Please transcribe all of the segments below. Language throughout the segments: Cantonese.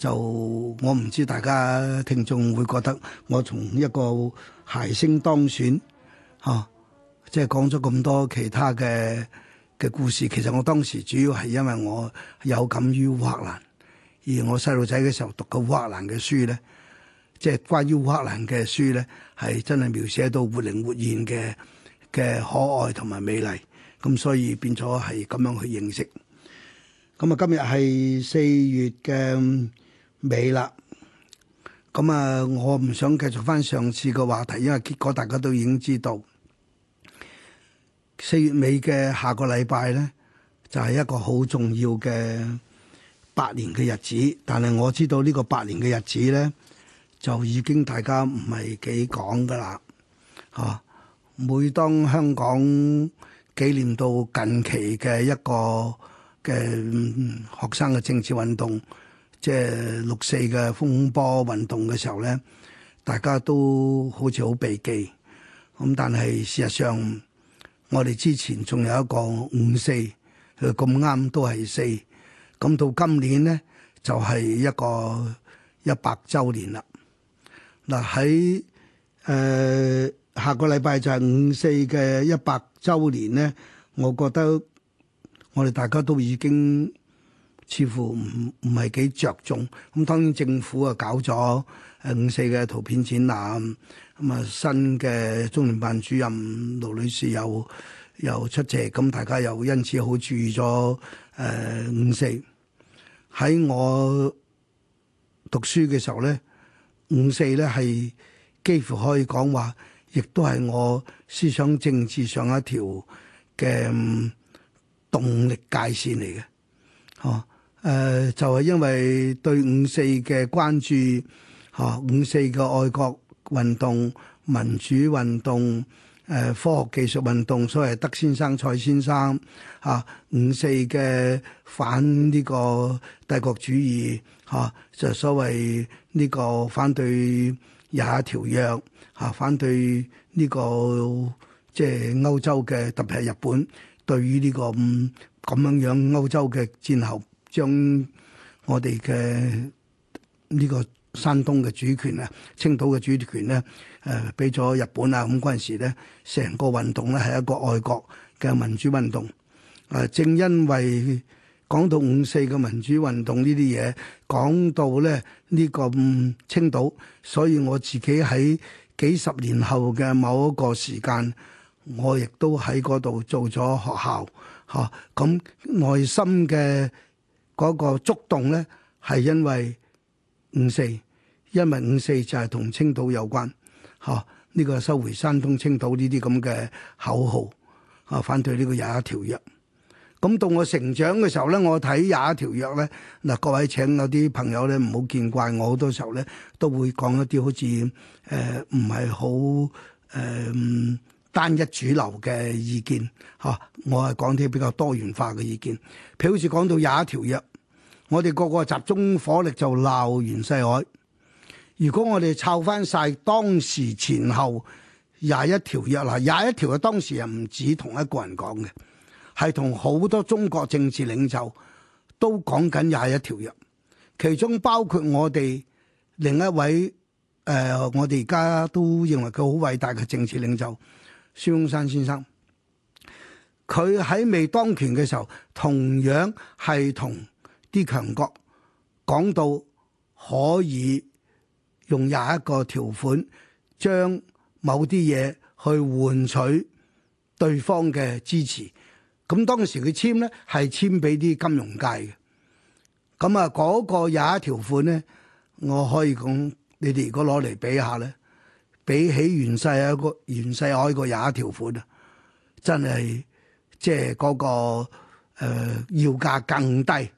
就我唔知大家聽眾會覺得，我從一個諧星當選，嚇，即係講咗咁多其他嘅嘅故事。其實我當時主要係因為我有感於烏克蘭，而我細路仔嘅時候讀嘅烏克蘭嘅書咧，即係關於烏克蘭嘅書咧，係真係描寫到活靈活現嘅嘅可愛同埋美麗。咁所以變咗係咁樣去認識。咁啊，今日係四月嘅。未啦，咁啊，我唔想繼續翻上次嘅話題，因為結果大家都已經知道。四月尾嘅下個禮拜咧，就係、是、一個好重要嘅八年嘅日子。但係我知道呢個八年嘅日子咧，就已經大家唔係幾講噶啦。啊，每當香港紀念到近期嘅一個嘅、嗯、學生嘅政治運動。即係六四嘅風波運動嘅時候咧，大家都好似好避忌。咁但係事實上，我哋之前仲有一個五四，咁啱都係四。咁到今年咧，就係、是、一個一百週年啦。嗱喺誒下個禮拜就係五四嘅一百週年咧，我覺得我哋大家都已經，似乎唔唔係幾着重，咁當然政府啊搞咗五四嘅圖片展覽，咁啊新嘅中聯辦主任盧女士又又出席，咁大家又因此好注意咗誒、呃、五四。喺我讀書嘅時候咧，五四咧係幾乎可以講話，亦都係我思想政治上一條嘅動力界線嚟嘅，嚇。誒、呃、就係、是、因為對五四嘅關注，嚇、啊、五四嘅愛國運動、民主運動、誒、呃、科學技術運動，所謂德先生、賽先生嚇、啊、五四嘅反呢個帝國主義，嚇、啊，就所謂呢個反對廿一條約，嚇、啊，反對呢、這個即係歐洲嘅特別係日本對於呢、這個咁、嗯、樣樣歐洲嘅戰後。將我哋嘅呢個山東嘅主權啊、青島嘅主權咧，誒俾咗日本啊咁陣時咧，成個運動咧係一個外國嘅民主運動。誒、呃、正因為講到五四嘅民主運動講呢啲嘢，講到咧呢個、嗯、青島，所以我自己喺幾十年後嘅某一個時間，我亦都喺嗰度做咗學校嚇。咁、啊、內、嗯、心嘅。嗰個觸動咧，係因為五四，因為五四就係同青島有關，嚇呢個收回山東青島呢啲咁嘅口號，啊反對呢個廿一條約。咁到我成長嘅時候咧，我睇廿一條約咧，嗱各位請有啲朋友咧唔好見怪我，我好多時候咧都會講一啲好似誒唔係好誒單一主流嘅意見，嚇我係講啲比較多元化嘅意見，譬如好似講到廿一條約。我哋個個集中火力就鬧袁世凱。如果我哋湊翻晒當時前後廿一條約，係廿一條嘅當時又唔止同一個人講嘅，係同好多中國政治領袖都講緊廿一條約，其中包括我哋另一位誒、呃，我哋而家都認為佢好偉大嘅政治領袖孫中山先生。佢喺未當權嘅時候，同樣係同啲強國講到可以用廿一個條款將某啲嘢去換取對方嘅支持，咁當時佢簽咧係簽俾啲金融界嘅。咁啊，嗰個廿一條款咧，我可以講，你哋如果攞嚟比下咧，比起袁世凱個袁世凱個廿一條款啊，真係即係嗰、嗰個、呃、要價更低。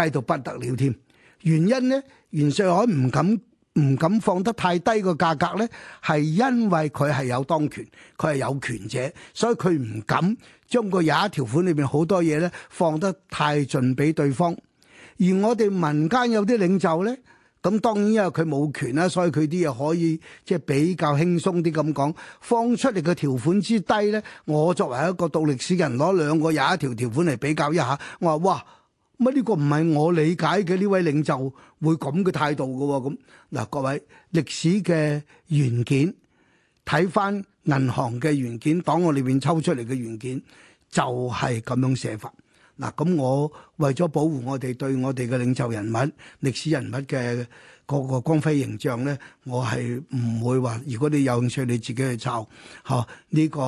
低到不得了添，原因呢，袁世凱唔敢唔敢放得太低個價格呢，係因為佢係有當權，佢係有權者，所以佢唔敢將個廿一條款裏邊好多嘢呢放得太盡俾對方。而我哋民間有啲領袖呢，咁當然因為佢冇權啦，所以佢啲嘢可以即係比較輕鬆啲咁講，放出嚟嘅條款之低呢，我作為一個讀歷史嘅人，攞兩個廿一條條款嚟比較一下，我話哇！乜，呢個唔係我理解嘅呢位領袖會咁嘅態度噶？咁嗱，各位歷史嘅原件，睇翻銀行嘅原件，檔案裏邊抽出嚟嘅原件就係咁樣寫法。嗱，咁我為咗保護我哋對我哋嘅領袖人物、歷史人物嘅各個光輝形象咧，我係唔會話，如果你有興趣，你自己去抄。嗬，呢個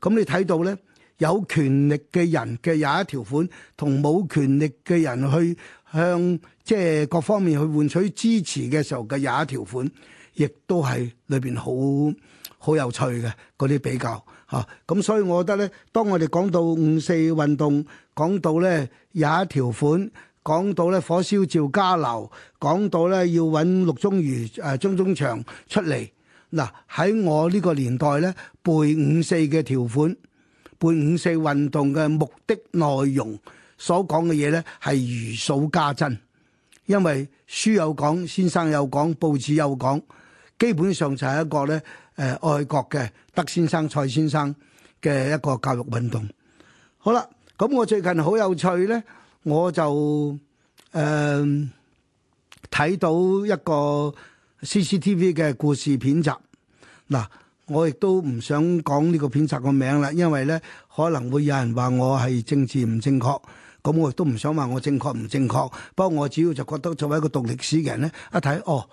咁你睇到咧？有權力嘅人嘅廿一條款，同冇權力嘅人去向即係、就是、各方面去換取支持嘅時候嘅廿一條款，亦都係裏邊好好有趣嘅嗰啲比較嚇。咁、啊、所以我覺得呢，當我哋講到五四運動，講到呢廿一條款，講到呢火燒趙家樓，講到呢要揾陸宗輿、誒章宗祥出嚟，嗱喺我呢個年代呢，背五四嘅條款。半五四運動嘅目的內容，所講嘅嘢呢係如數家珍，因為書有講，先生有講，報紙有講，基本上就係一個呢誒愛國嘅，德先生、賽先生嘅一個教育運動。好啦，咁我最近好有趣呢，我就誒睇、嗯、到一個 CCTV 嘅故事片集，嗱。我亦都唔想講呢個片集個名啦，因為呢可能會有人話我係政治唔正確，咁我亦都唔想話我正確唔正確。不過我主要就覺得作為一個讀歷史嘅人呢，一睇哦，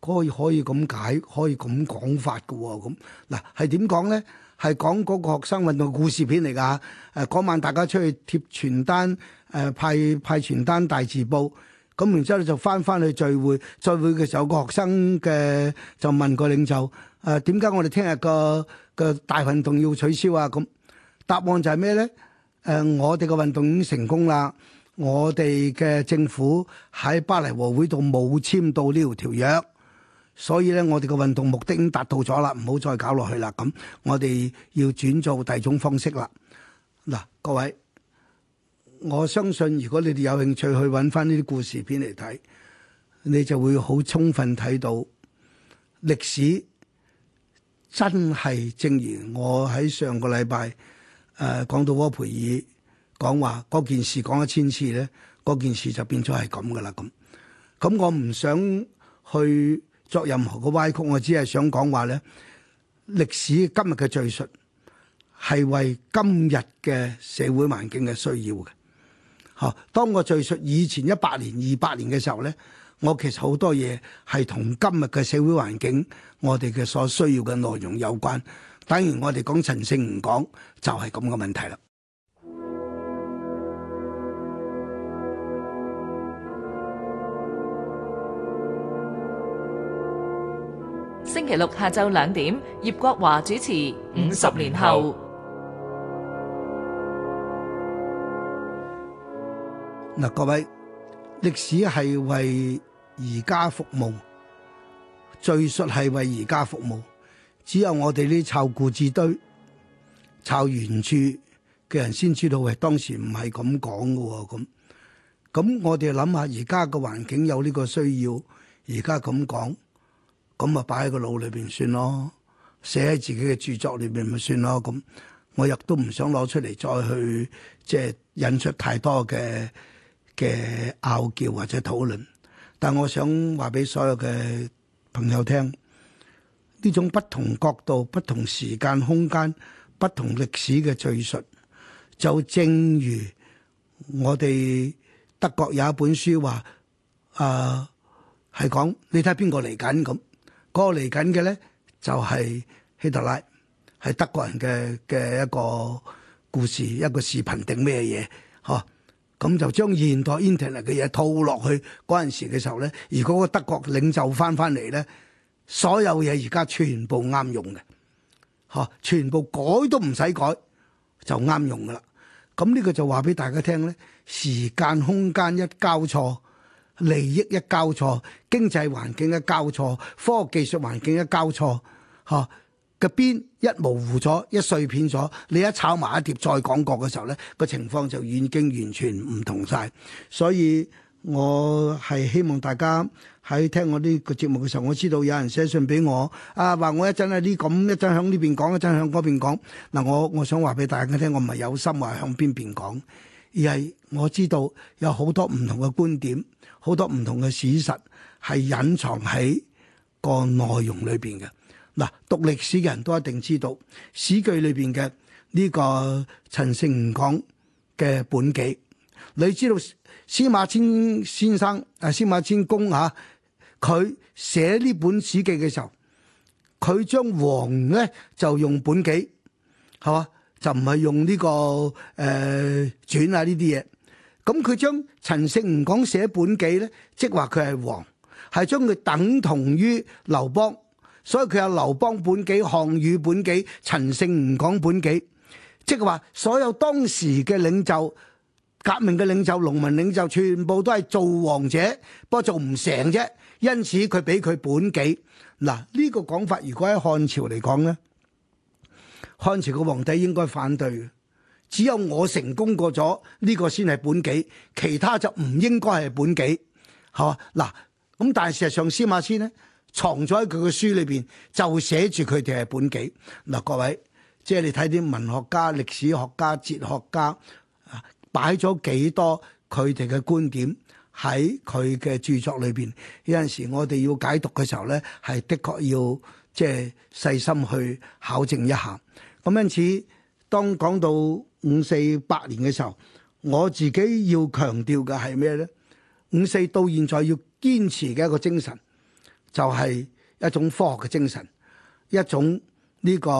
可以可以咁解，可以咁講法嘅喎、哦。咁嗱係點講呢？係講嗰個學生運動故事片嚟㗎。嗰晚大家出去貼傳單，誒、呃、派派傳單大字報。咁、呃、然之後就翻翻去聚會，聚會嘅時候個學生嘅就問個領袖。誒，點解、啊、我哋聽日個個大運動要取消啊？咁答案就係咩咧？誒、呃，我哋個運動已經成功啦，我哋嘅政府喺巴黎和會度冇簽到呢條條約，所以咧我哋個運動目的已經達到咗啦，唔好再搞落去啦。咁我哋要轉做第二種方式啦。嗱，各位，我相信如果你哋有興趣去搵翻呢啲故事片嚟睇，你就會好充分睇到歷史。真係正如我喺上個禮拜誒、呃、講到戈培爾講話嗰件事，講一千次咧，嗰件事就變咗係咁噶啦咁。咁我唔想去作任何嘅歪曲，我只係想講話咧，歷史今日嘅敘述係為今日嘅社會環境嘅需要嘅。吓，當我敘述以前一百年、二百年嘅時候咧。我其實好多嘢係同今日嘅社會環境，我哋嘅所需要嘅內容有關。等於，我哋講陳勝唔講，就係、是、咁個問題啦。星期六下晝兩點，葉國華主持《五十年後》年後。嗱，各位。歷史係為而家服務，敘述係為而家服務，只有我哋啲抄故紙堆、抄原著嘅人先知道喂，當時唔係咁講嘅。咁咁我哋諗下而家嘅環境有呢個需要，而家咁講，咁啊擺喺個腦裏邊算咯，寫喺自己嘅著作裏邊咪算咯。咁我亦都唔想攞出嚟再去即係、就是、引出太多嘅。嘅拗撬或者討論，但我想話俾所有嘅朋友聽，呢種不同角度、不同時間、空間、不同歷史嘅敍述，就正如我哋德國有一本書話，啊係講你睇邊個嚟緊咁，嗰個嚟緊嘅咧就係希特拉，係德國人嘅嘅一個故事，一個視頻定咩嘢呵？咁就將現代 Internet 嘅嘢套落去嗰陣時嘅時候咧，如果個德國領袖翻翻嚟咧，所有嘢而家全部啱用嘅，嚇全部改都唔使改就啱用噶啦。咁呢個就話俾大家聽咧，時間空間一交錯，利益一交錯，經濟環境一交錯，科技技術環境一交錯，嚇。個邊一模糊咗，一碎片咗，你一炒埋一碟，再講過嘅時候呢個情況就已經完全唔同晒。所以我係希望大家喺聽我呢個節目嘅時候，我知道有人寫信俾我，啊話我一陣喺呢咁一陣響呢邊講，一陣響嗰邊講。嗱，我我想話俾大家聽，我唔係有心話向邊邊講，而係我知道有好多唔同嘅觀點，好多唔同嘅事實係隱藏喺個內容裏邊嘅。嗱，讀歷史嘅人都一定知道史記裏邊嘅呢個陳勝吳廣嘅本紀，你知道司馬遷先生啊，司馬遷公吓啊，佢寫呢本史記嘅時候，佢將王咧，就用本紀，係嘛，就唔係用，呢個呃，轉呢個誒傳啊呢啲嘢，咁佢將陳勝吳廣寫本紀咧，即係話佢係王，係將佢等同於劉邦。所以佢有劉邦本紀、項羽本紀、陳勝吳廣本紀，即係話所有當時嘅領袖、革命嘅領袖、農民領袖，全部都係做王者，不過做唔成啫。因此佢俾佢本紀。嗱呢個講法，如果喺漢朝嚟講咧，漢朝個皇帝應該反對。只有我成功過咗，呢個先係本紀，其他就唔應該係本紀，係嘛？嗱咁，但係事實上司馬遷咧。藏咗喺佢嘅書裏邊，就寫住佢哋係本紀嗱。各位，即係你睇啲文學家、歷史學家、哲學家啊，擺咗幾多佢哋嘅觀點喺佢嘅著作裏邊。有陣時我哋要解讀嘅時候咧，係的確要即係細心去考證一下。咁因此，當講到五四百年嘅時候，我自己要強調嘅係咩咧？五四到現在要堅持嘅一個精神。就係一種科學嘅精神，一種呢個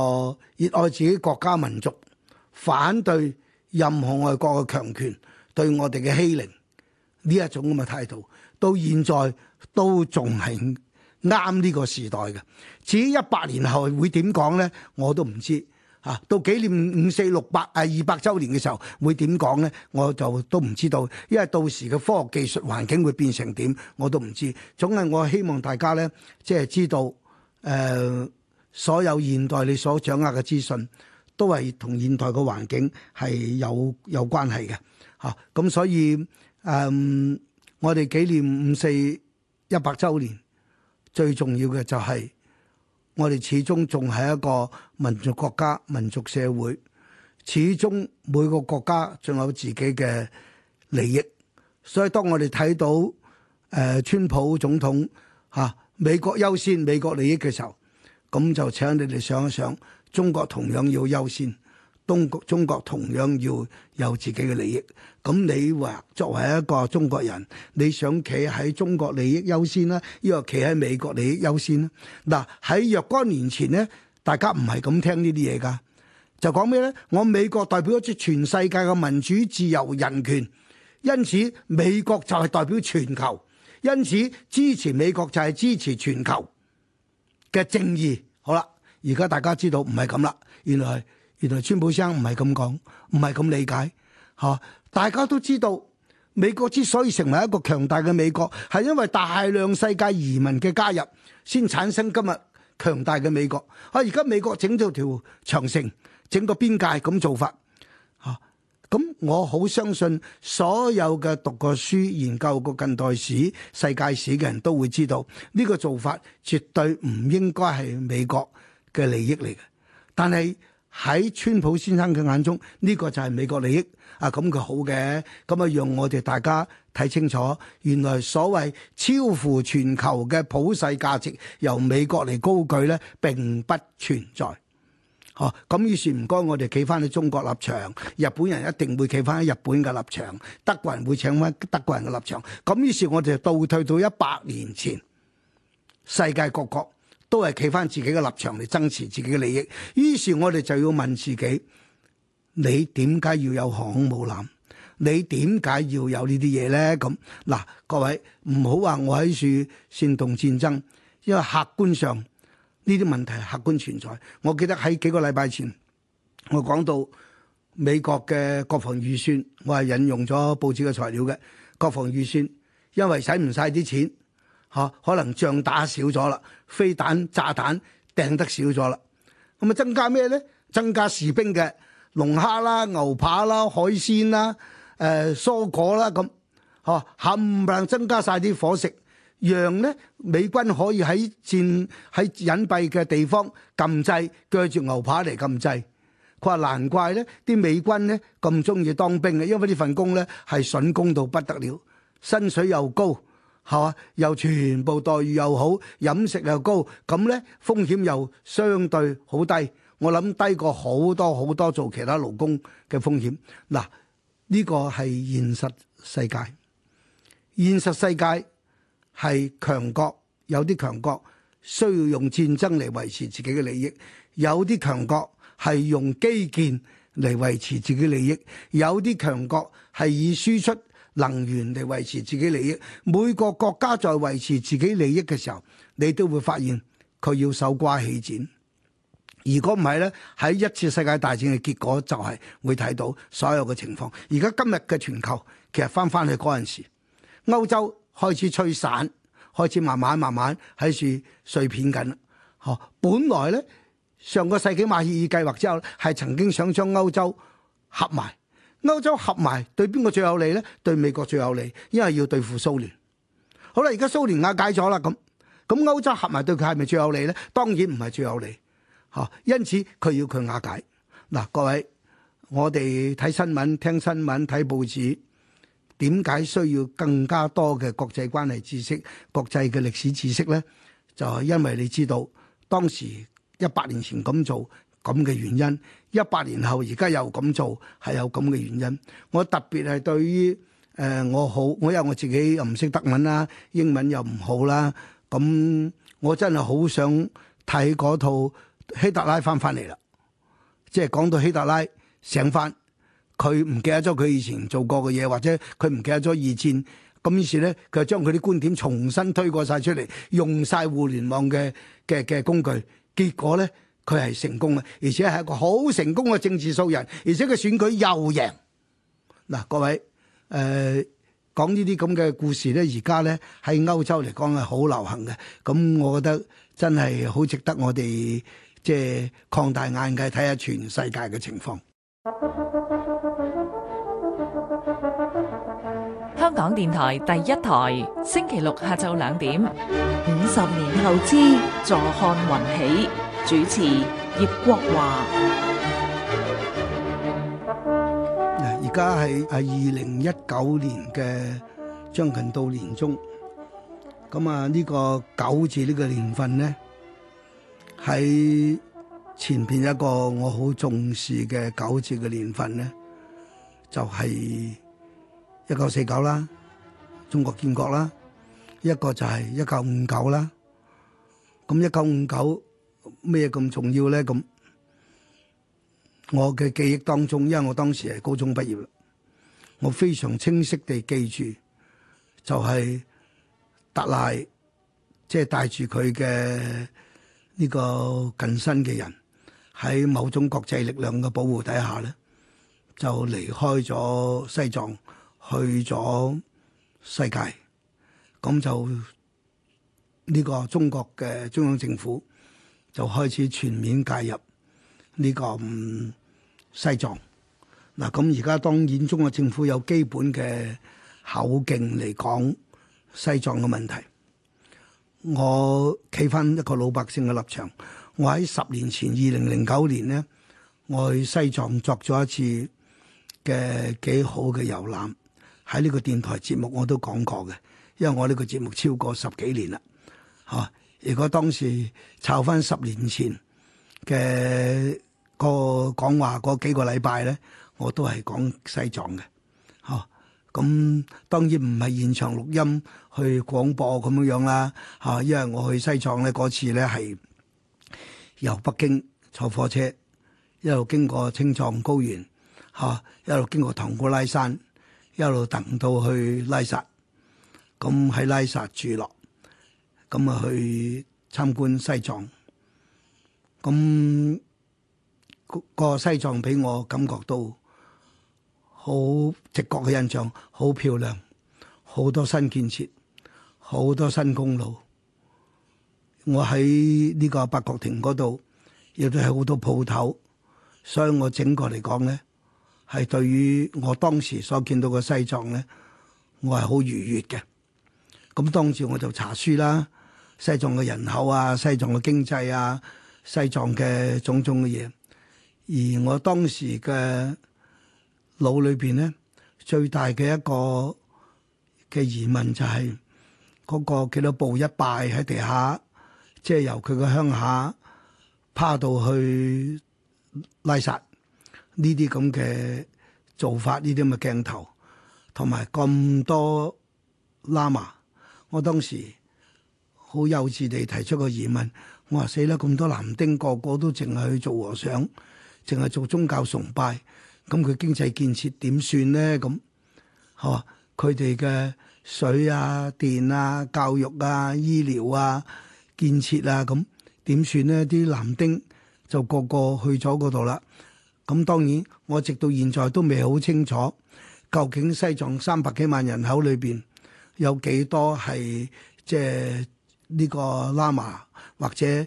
熱愛自己國家民族，反對任何外國嘅強權對我哋嘅欺凌，呢一種咁嘅態度，到現在都仲係啱呢個時代嘅。至於一百年後會點講呢？我都唔知。啊！到紀念五四六百啊二百週年嘅時候，會點講呢？我就都唔知道，因為到時嘅科學技術環境會變成點，我都唔知。總係我希望大家呢，即係知道，誒、呃，所有現代你所掌握嘅資訊，都係同現代嘅環境係有有關係嘅。嚇、啊！咁所以，嗯、呃，我哋紀念五四一百週年，最重要嘅就係、是。我哋始終仲係一個民族國家、民族社會，始終每個國家仲有自己嘅利益，所以當我哋睇到誒、呃、川普總統吓、啊、美國優先、美國利益嘅時候，咁就請你哋想一想，中國同樣要優先。東國中國同樣要有自己嘅利益。咁你話作為一個中國人，你想企喺中國利益優先啦，要企喺美國利益優先啦？嗱，喺若干年前咧，大家唔係咁聽呢啲嘢噶，就講咩咧？我美國代表咗全世界嘅民主、自由、人權，因此美國就係代表全球，因此支持美國就係支持全球嘅正義。好啦，而家大家知道唔係咁啦，原來。原來川普生唔係咁講，唔係咁理解嚇、啊。大家都知道，美國之所以成為一個強大嘅美國，係因為大量世界移民嘅加入，先產生今日強大嘅美國。啊！而家美國整咗條長城，整個邊界咁做法嚇。咁、啊、我好相信所有嘅讀過書、研究過近代史、世界史嘅人都會知道，呢、呢個做法絕對唔應該係美國嘅利益嚟嘅。但係，喺川普先生嘅眼中，呢、這個就係美國利益啊！咁佢好嘅，咁啊，讓我哋大家睇清楚，原來所謂超乎全球嘅普世價值，由美國嚟高舉咧並不存在。吓，咁於是唔該我哋企翻喺中國立場，日本人一定會企翻喺日本嘅立場，德國人會請翻德國人嘅立場，咁於是，我哋倒退到一百年前，世界各國。都係企翻自己嘅立場嚟爭持自己嘅利益，於是我哋就要問自己：你點解要有航空母艦？你點解要有呢啲嘢呢？咁嗱，各位唔好話我喺處煽動戰爭，因為客觀上呢啲問題客觀存在。我記得喺幾個禮拜前，我講到美國嘅國防預算，我係引用咗報紙嘅材料嘅國防預算，因為使唔晒啲錢。啊，可能仗打少咗啦，飛彈、炸彈掟得少咗啦，咁咪增加咩咧？增加士兵嘅龍蝦啦、牛扒啦、海鮮啦、誒、呃、蔬果啦咁，嗬、啊，冚唪唥增加晒啲伙食，讓咧美軍可以喺戰喺隱蔽嘅地方撳掣，鋸住牛扒嚟撳掣。佢話難怪咧，啲美軍咧咁中意當兵嘅，因為呢份工咧係筍工到不得了，薪水又高。係又全部待遇又好，飲食又高，咁呢風險又相對好低。我諗低過好多好多做其他勞工嘅風險。嗱，呢個係現實世界。現實世界係強國，有啲強國需要用戰爭嚟維持自己嘅利益；有啲強國係用基建嚟維持自己利益；有啲強國係以輸出。能源嚟維持自己利益，每個國家在維持自己利益嘅時候，你都會發現佢要手瓜起剪。如果唔係呢，喺一次世界大戰嘅結果就係會睇到所有嘅情況。而家今日嘅全球，其實翻翻去嗰陣時，歐洲開始吹散，開始慢慢慢慢喺度碎片緊啦。本來呢，上個世紀馬歇爾計劃之後，係曾經想將歐洲合埋。歐洲合埋對邊個最有利咧？對美國最有利，因為要對付蘇聯。好啦，而家蘇聯瓦解咗啦，咁咁歐洲合埋對佢係咪最有利咧？當然唔係最有利，吓，因此佢要佢瓦解。嗱，各位，我哋睇新聞、聽新聞、睇報紙，點解需要更加多嘅國際關係知識、國際嘅歷史知識咧？就係因為你知道當時一百年前咁做。咁嘅原因，一百年後而家又咁做，係有咁嘅原因。我特別係對於誒、呃、我好，我又我自己又唔識德文啦，英文又唔好啦，咁、啊嗯、我真係好想睇嗰套希特拉翻翻嚟啦。即係講到希特拉醒翻，佢唔記得咗佢以前做過嘅嘢，或者佢唔記得咗二戰，咁於是咧，佢就將佢啲觀點重新推過晒出嚟，用晒互聯網嘅嘅嘅工具，結果咧。佢係成功嘅，而且係一個好成功嘅政治素人，而且佢選舉又贏。嗱，各位，誒，講呢啲咁嘅故事呢，而家呢喺歐洲嚟講係好流行嘅。咁我覺得真係好值得我哋即係擴大眼界，睇下全世界嘅情況。香港電台第一台，星期六下晝兩點，五十年後之，坐看雲起。主持葉國華。而家係係二零一九年嘅，將近到年終，咁啊呢個九字呢個年份咧，喺前邊一個我好重視嘅九字嘅年份咧，就係一九四九啦，中國建國啦，一個就係一九五九啦，咁一九五九。咩咁重要咧？咁我嘅記憶當中，因為我當時係高中畢業啦，我非常清晰地記住，就係達賴即係帶住佢嘅呢個近身嘅人喺某種國際力量嘅保護底下咧，就離開咗西藏，去咗世界。咁就呢個中國嘅中央政府。就開始全面介入呢、這個、嗯、西藏嗱，咁而家當然中國政府有基本嘅口徑嚟講西藏嘅問題。我企翻一個老百姓嘅立場，我喺十年前二零零九年咧，我去西藏作咗一次嘅幾好嘅遊覽，喺呢個電台節目我都講過嘅，因為我呢個節目超過十幾年啦，嚇、啊。如果當時抄翻十年前嘅個講話幾個禮拜咧，我都係講西藏嘅，吓，咁當然唔係現場錄音去廣播咁樣樣啦，吓，因為我去西藏咧嗰次咧係由北京坐火車一路經過青藏高原，吓，一路經過唐古拉山，一路等到去拉薩，咁喺拉薩住落。咁啊去參觀西藏，咁個西藏俾我感覺到好直覺嘅印象，好漂亮，好多新建設，好多新公路。我喺呢個八角亭嗰度，亦都係好多鋪頭，所以我整個嚟講咧，係對於我當時所見到嘅西藏咧，我係好愉悅嘅。咁當時我就查書啦。西藏嘅人口啊，西藏嘅經濟啊，西藏嘅種種嘅嘢，而我當時嘅腦裏邊咧，最大嘅一個嘅疑問就係個幾多步一拜喺地下，即係由佢嘅鄉下趴到去拉薩呢啲咁嘅做法，呢啲咁嘅鏡頭同埋咁多喇嘛，我當時。好幼稚地提出個疑問，我話死啦！咁多男丁個個都淨係去做和尚，淨係做宗教崇拜，咁佢經濟建設點算呢？咁，吓佢哋嘅水啊、電啊、教育啊、醫療啊、建設啊，咁點算呢？啲男丁就個個去咗嗰度啦。咁當然，我直到現在都未好清楚，究竟西藏三百幾萬人口裏邊有幾多係即係？呢個喇嘛或者誒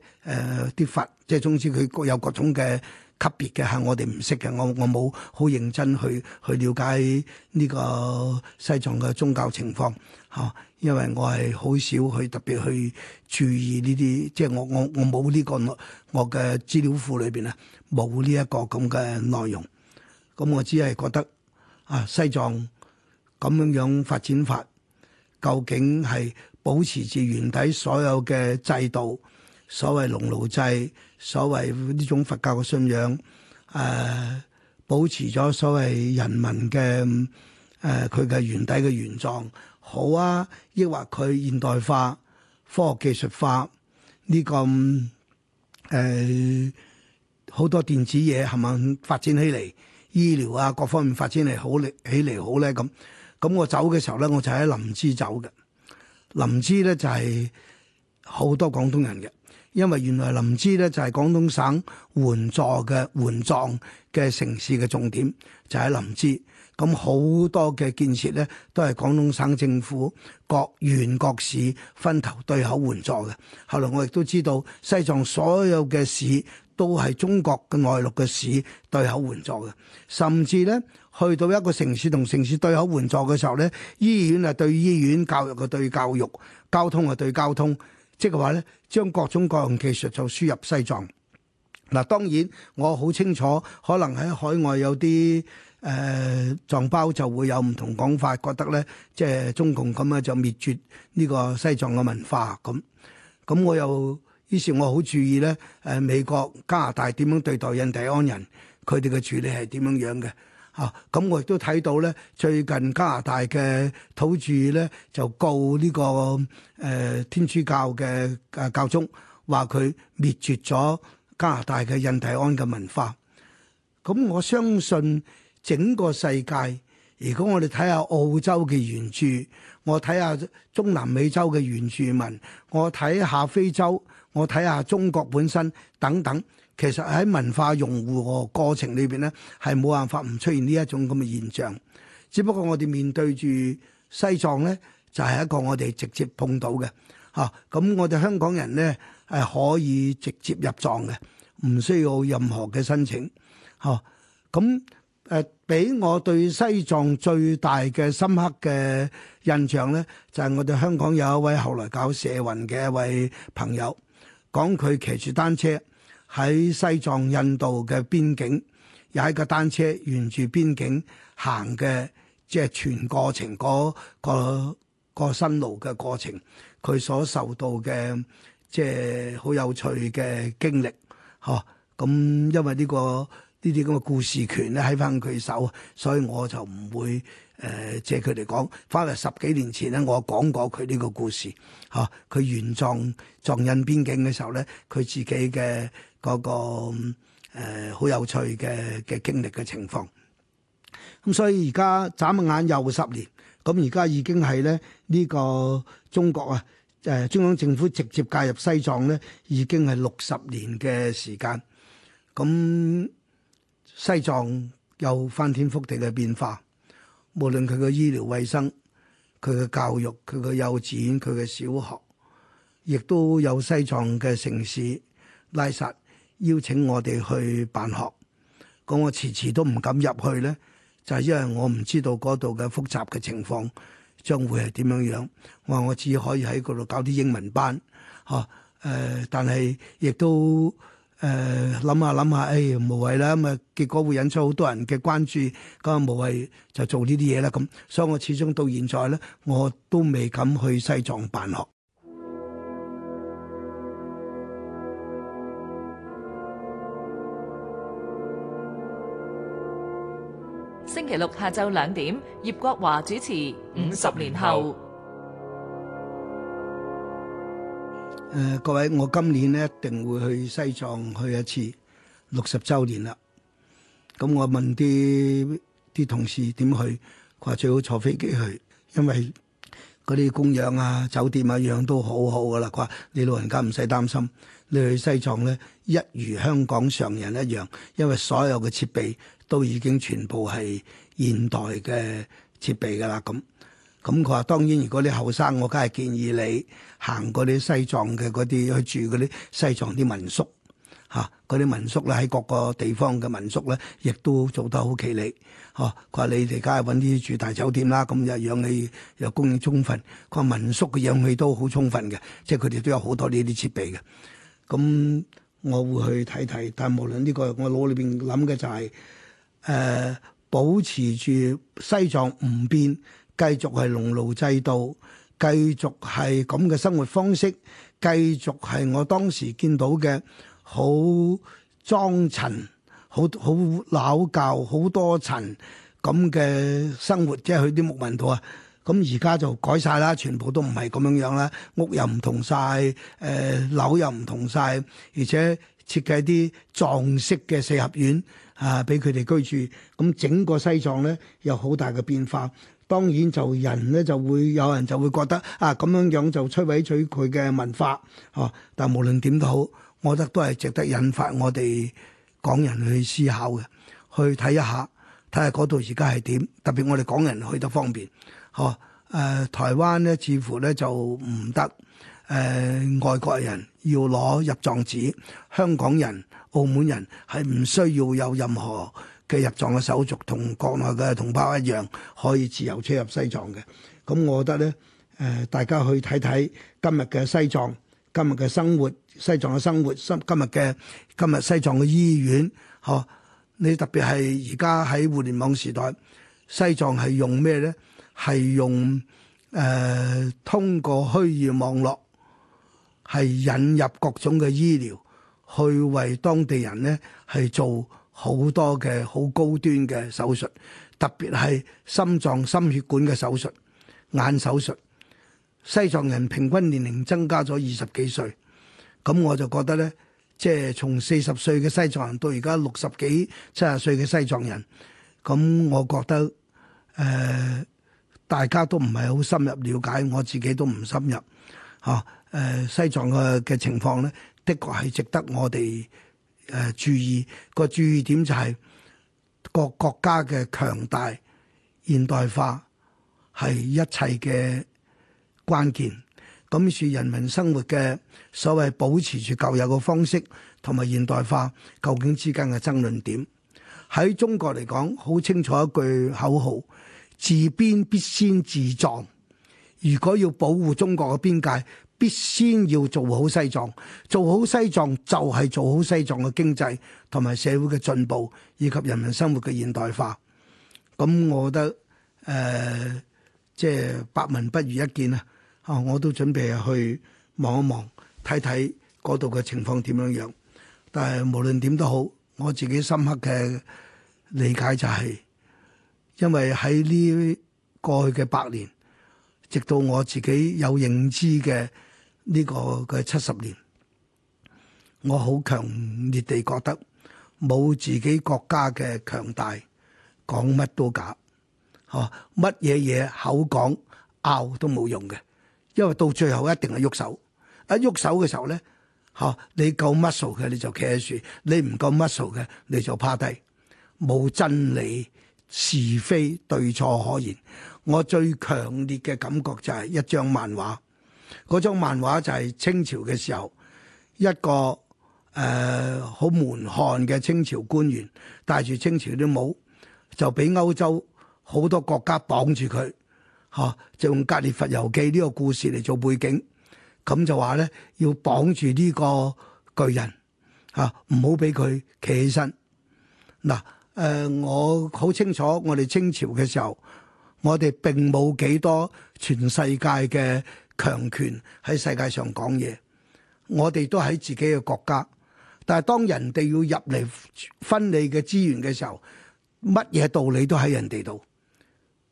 啲佛，即係總之佢各有各種嘅級別嘅，係我哋唔識嘅，我我冇好認真去去了解呢個西藏嘅宗教情況嚇、啊，因為我係好少去特別去注意呢啲，即係我我我冇呢、呢個我嘅資料庫裏邊咧冇呢一個咁嘅內容，咁、嗯、我只係覺得啊西藏咁樣樣發展法究竟係？保持住原底所有嘅制度，所謂農奴制，所謂呢種佛教嘅信仰，誒、呃、保持咗所謂人民嘅誒佢嘅原底嘅原狀好啊，抑或佢現代化、科學技術化呢個誒好、呃、多電子嘢係咪發展起嚟，醫療啊各方面發展嚟好，起好，起嚟好咧咁？咁我走嘅時候咧，我就喺林芝走嘅。林芝呢就係好多廣東人嘅，因為原來林芝呢就係廣東省援助嘅援藏嘅城市嘅重點，就喺林芝。咁好多嘅建設呢都係廣東省政府各縣各市分頭對口援助嘅。後來我亦都知道西藏所有嘅市。都係中國嘅外陸嘅市對口援助嘅，甚至呢，去到一個城市同城市對口援助嘅時候呢，醫院係對醫院，教育係對教育，交通係對交通，即係話呢，將各種各樣技術就輸入西藏。嗱、啊，當然我好清楚，可能喺海外有啲誒、呃、藏胞就會有唔同講法，覺得呢，即係中共咁樣就滅絕呢個西藏嘅文化咁。咁我又。於是，我好注意咧，誒美國加拿大點樣對待印第安人，佢哋嘅處理係點樣樣嘅嚇。咁、啊嗯、我亦都睇到咧，最近加拿大嘅土著咧就告呢、呢個誒、呃、天主教嘅教宗，話佢滅絕咗加拿大嘅印第安嘅文化。咁、嗯、我相信整個世界。如果我哋睇下澳洲嘅原住，我睇下中南美洲嘅原住民，我睇下非洲，我睇下中國本身等等，其實喺文化融合過程裏邊咧，係冇辦法唔出現呢一種咁嘅現象。只不過我哋面對住西藏咧，就係一個我哋直接碰到嘅吓，咁我哋香港人咧係可以直接入藏嘅，唔需要任何嘅申請吓，咁誒俾我對西藏最大嘅深刻嘅印象咧，就係、是、我哋香港有一位後來搞社運嘅一位朋友，講佢騎住單車喺西藏印度嘅邊境有一架單車沿住邊境行嘅，即、就、係、是、全過程嗰個個新路嘅過程，佢所受到嘅即係好有趣嘅經歷，嚇咁因為呢、這個。呢啲咁嘅故事權咧喺翻佢手，所以我就唔會誒、呃、借佢嚟講。翻嚟十幾年前咧，我講過佢呢個故事，嚇、啊、佢原狀藏印邊境嘅時候咧，佢自己嘅嗰、那個好、呃、有趣嘅嘅經歷嘅情況。咁、嗯、所以而家眨下眼又十年，咁而家已經係咧呢、這個中國啊誒、呃、中央政府直接介入西藏咧，已經係六十年嘅時間，咁、嗯。西藏有翻天覆地嘅變化，無論佢嘅醫療衛生、佢嘅教育、佢嘅幼稚園，佢嘅小學，亦都有西藏嘅城市拉薩邀請我哋去辦學，咁我遲遲都唔敢入去咧，就係、是、因為我唔知道嗰度嘅複雜嘅情況將會係點樣樣，我話我只可以喺嗰度搞啲英文班，吓、啊、誒、呃，但係亦都。誒諗下諗下，哎無謂啦，咁啊結果會引出好多人嘅關注，咁啊無謂就做呢啲嘢啦，咁所以我始終到現在咧，我都未敢去西藏辦學。星期六下晝兩點，葉國華主持《五十年後》。誒、呃、各位，我今年咧一定會去西藏去一次，六十周年啦。咁、嗯、我問啲啲同事點去？佢話最好坐飛機去，因為嗰啲供養啊、酒店啊樣都好好噶啦。佢話你老人家唔使擔心，你去西藏咧，一如香港常人一樣，因為所有嘅設備都已經全部係現代嘅設備噶啦咁。咁佢話：當然，如果你後生，我梗係建議你行過啲西藏嘅嗰啲去住嗰啲西藏啲民宿嚇。嗰、啊、啲民宿咧喺各個地方嘅民宿咧，亦都做得好企理。嚇佢話你哋梗係揾啲住大酒店啦，咁又氧氣又供應充分。佢、啊、話民宿嘅氧氣都好充分嘅，即係佢哋都有好多呢啲設備嘅。咁、啊、我會去睇睇，但係無論呢、這個，我腦裏邊諗嘅就係、是、誒、呃、保持住西藏唔變。繼續係農奴制度，繼續係咁嘅生活方式，繼續係我當時見到嘅好莊陳、好好老舊、好多塵咁嘅生活，即係去啲牧民度啊。咁而家就改晒啦，全部都唔係咁樣樣啦，屋又唔同晒，誒、呃、樓又唔同晒，而且設計啲藏式嘅四合院啊，俾佢哋居住。咁整個西藏呢，有好大嘅變化。當然就人咧就會有人就會覺得啊，咁樣樣就摧毀取佢嘅文化哦，但無論點都好，我覺得都係值得引發我哋港人去思考嘅，去睇一下，睇下嗰度而家係點。特別我哋港人去得方便，哦誒、呃，台灣咧似乎咧就唔得，誒、呃，外國人要攞入藏紙，香港人、澳門人係唔需要有任何。嘅入藏嘅手續同國內嘅同胞一樣，可以自由車入西藏嘅。咁我覺得咧，誒、呃、大家去睇睇今日嘅西藏，今日嘅生活，西藏嘅生活，今今日嘅今日西藏嘅醫院，呵，你特別係而家喺互聯網時代，西藏係用咩咧？係用誒、呃、通過虛擬網絡係引入各種嘅醫療，去為當地人咧係做。好多嘅好高端嘅手術，特別係心臟、心血管嘅手術、眼手術。西藏人平均年齡增加咗二十幾歲，咁我就覺得呢，即係從四十歲嘅西藏人到而家六十幾、七十歲嘅西藏人，咁我覺得誒、呃，大家都唔係好深入了解，我自己都唔深入，嚇、啊、誒、呃，西藏嘅嘅情況呢，的確係值得我哋。誒注意，那個注意點就係個國家嘅強大現代化係一切嘅關鍵，咁是人民生活嘅所謂保持住舊有嘅方式同埋現代化究竟之間嘅爭論點喺中國嚟講好清楚一句口號：治邊必先治藏。如果要保護中國嘅邊界。必先要做好西藏，做好西藏就係做好西藏嘅經濟同埋社會嘅進步，以及人民生活嘅現代化。咁、嗯、我覺得誒、呃，即係百聞不如一見啊！啊，我都準備去望一望，睇睇嗰度嘅情況點樣樣。但係無論點都好，我自己深刻嘅理解就係、是，因為喺呢過去嘅百年，直到我自己有認知嘅。呢個嘅七十年，我好強烈地覺得冇自己國家嘅強大，講乜都假，吓、乜嘢嘢口講拗都冇用嘅，因為到最後一定係喐手，一、啊、喐手嘅時候咧，吓、啊、你夠 muscle 嘅你就企喺樹，你唔夠 muscle 嘅你就趴低，冇真理是非對錯可言。我最強烈嘅感覺就係一張漫畫。嗰張漫畫就係清朝嘅時候，一個誒好、呃、門漢嘅清朝官員，戴住清朝啲帽，就俾歐洲好多國家綁住佢，吓、啊、就用《格列佛遊記》呢、這個故事嚟做背景，咁就話咧要綁住呢個巨人，吓唔好俾佢企起身。嗱、啊，誒、呃、我好清楚，我哋清朝嘅時候，我哋並冇幾多全世界嘅。強權喺世界上講嘢，我哋都喺自己嘅國家，但係當人哋要入嚟分你嘅資源嘅時候，乜嘢道理都喺人哋度，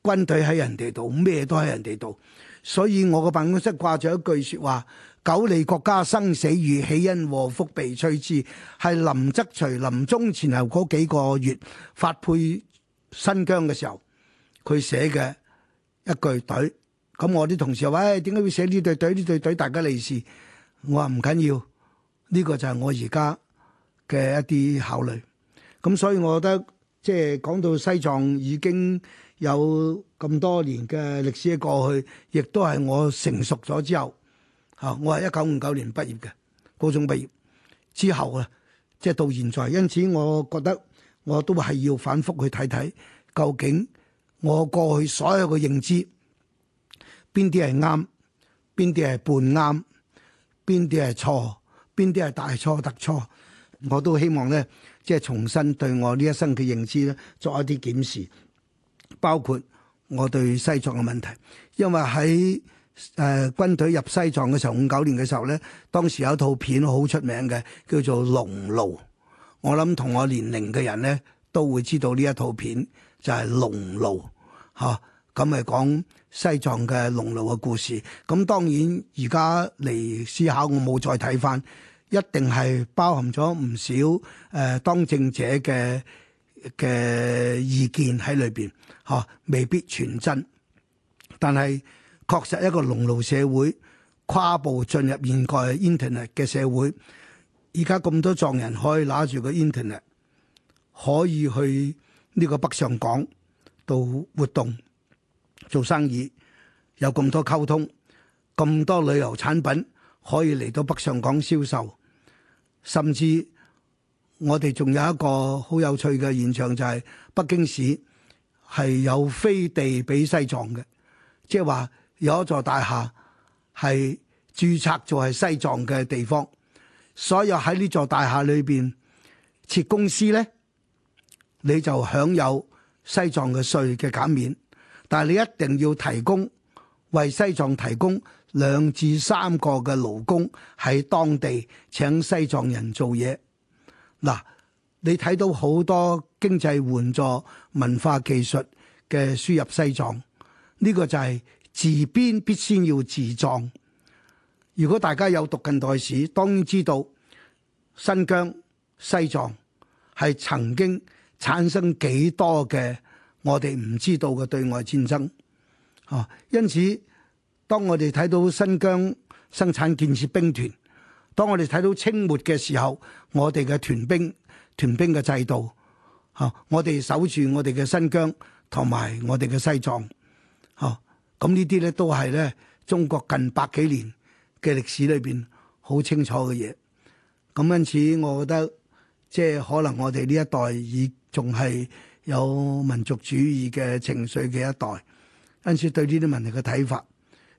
軍隊喺人哋度，咩都喺人哋度，所以我個辦公室掛住一句說話：苟利國家生死以，豈因禍福避趨之，係林則徐臨終前後嗰幾個月發配新疆嘅時候，佢寫嘅一句對。咁我啲同事話：喂，點解要寫呢隊隊呢隊隊大家利是？我話唔緊要，呢個就係我而家嘅一啲考慮。咁所以，我覺得即係講到西藏已經有咁多年嘅歷史過去，亦都係我成熟咗之後嚇。我係一九五九年畢業嘅高中畢業之後啊，即係到現在。因此，我覺得我都係要反覆去睇睇，究竟我過去所有嘅認知。邊啲係啱，邊啲係半啱，邊啲係錯，邊啲係大錯特錯，我都希望咧，即係重新對我呢一生嘅認知咧，作一啲檢視，包括我對西藏嘅問題，因為喺誒、呃、軍隊入西藏嘅時候，五九年嘅時候咧，當時有一套片好出名嘅，叫做《農奴》，我諗同我年齡嘅人咧，都會知道呢一套片就係《農奴》吓、啊，咁係講。西藏嘅農奴嘅故事，咁當然而家嚟思考，我冇再睇返，一定係包含咗唔少誒、呃、當政者嘅嘅、呃、意見喺裏邊，嚇、啊、未必全真，但係確實一個農奴社會跨步進入現代 internet 嘅社會，而家咁多藏人可以攞住個 internet，可以去呢個北上港度活動。做生意有咁多溝通，咁多旅遊產品可以嚟到北上港銷售，甚至我哋仲有一個好有趣嘅現象，就係北京市係有飛地俾西藏嘅，即係話有一座大廈係註冊做係西藏嘅地方，所以喺呢座大廈裏邊設公司呢，你就享有西藏嘅稅嘅減免。但係你一定要提供為西藏提供兩至三個嘅勞工喺當地請西藏人做嘢。嗱，你睇到好多經濟援助、文化技術嘅輸入西藏，呢、這個就係治邊必先要治藏。如果大家有讀近代史，當然知道新疆、西藏係曾經產生幾多嘅。我哋唔知道嘅對外戰爭，啊、哦！因此，當我哋睇到新疆生產建設兵團，當我哋睇到清末嘅時候，我哋嘅屯兵、屯兵嘅制度，嚇、哦！我哋守住我哋嘅新疆同埋我哋嘅西藏，嚇、哦！咁、嗯、呢啲咧都係咧中國近百幾年嘅歷史裏邊好清楚嘅嘢。咁、嗯、因此，我覺得即係可能我哋呢一代已仲係。有民族主義嘅情緒嘅一代，因此對呢啲問題嘅睇法，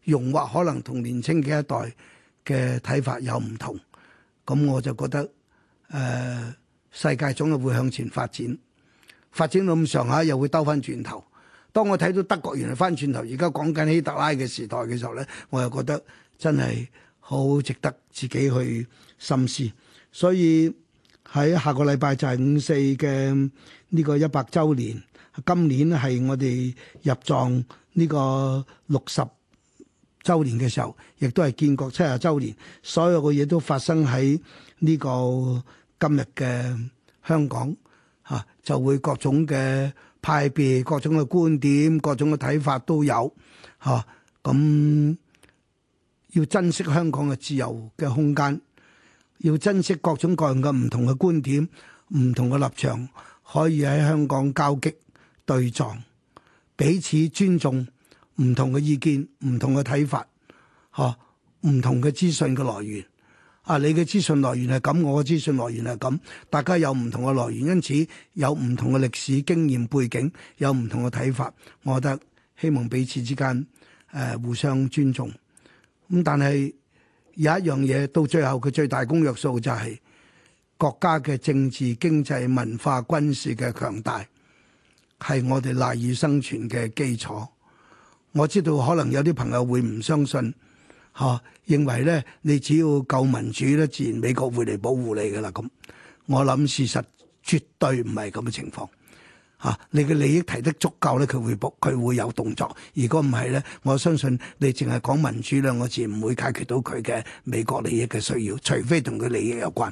融或可能同年青嘅一代嘅睇法有唔同。咁我就覺得，誒、呃、世界總係會向前發展，發展到咁上下又會兜返轉頭。當我睇到德國原來返轉頭，而家講緊希特拉嘅時代嘅時候呢，我又覺得真係好值得自己去深思。所以。喺下個禮拜就係五四嘅呢個一百週年，今年係我哋入藏呢個六十週年嘅時候，亦都係建國七十週年，所有嘅嘢都發生喺呢個今日嘅香港嚇、啊，就會各種嘅派別、各種嘅觀點、各種嘅睇法都有嚇，咁、啊、要珍惜香港嘅自由嘅空間，要珍惜各種各樣嘅唔同嘅觀點、唔同嘅立場，可以喺香港交擊對撞，彼此尊重唔同嘅意見、唔同嘅睇法，吓唔同嘅資訊嘅來源。啊，你嘅資訊來源係咁，我嘅資訊來源係咁，大家有唔同嘅來源，因此有唔同嘅歷史經驗背景，有唔同嘅睇法。我覺得希望彼此之間誒、呃、互相尊重。咁、嗯、但係。有一樣嘢，到最後佢最大公約數就係國家嘅政治、經濟、文化、軍事嘅強大，係我哋賴以生存嘅基礎。我知道可能有啲朋友會唔相信，嚇、啊，認為咧你只要夠民主咧，自然美國會嚟保護你噶啦。咁我諗事實絕對唔係咁嘅情況。嚇、啊！你嘅利益提得足夠咧，佢會博，佢會有動作。如果唔係咧，我相信你淨係講民主兩個字，唔會解決到佢嘅美國利益嘅需要，除非同佢利益有關。